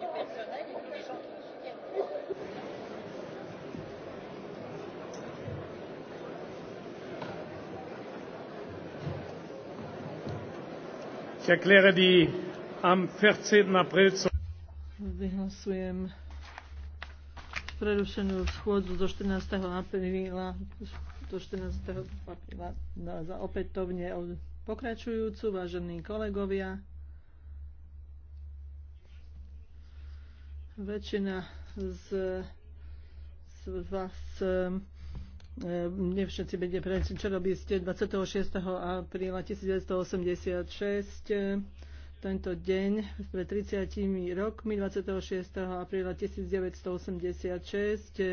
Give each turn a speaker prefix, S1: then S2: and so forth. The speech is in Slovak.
S1: du personnel et puis des gens qui nous soutiennent.
S2: Ich erkläre die am 14. April zu Vyhlasujem
S3: prerušenú schôdzu do 14. apríla, do 14. apríla za opätovne pokračujúcu, vážení kolegovia. Väčšina z, z vás ehm, ehm, nie všetci vedie, prečo robíte ste 26. apríla 1986 ehm, tento deň pred 30 rokmi 26. apríla
S4: 1986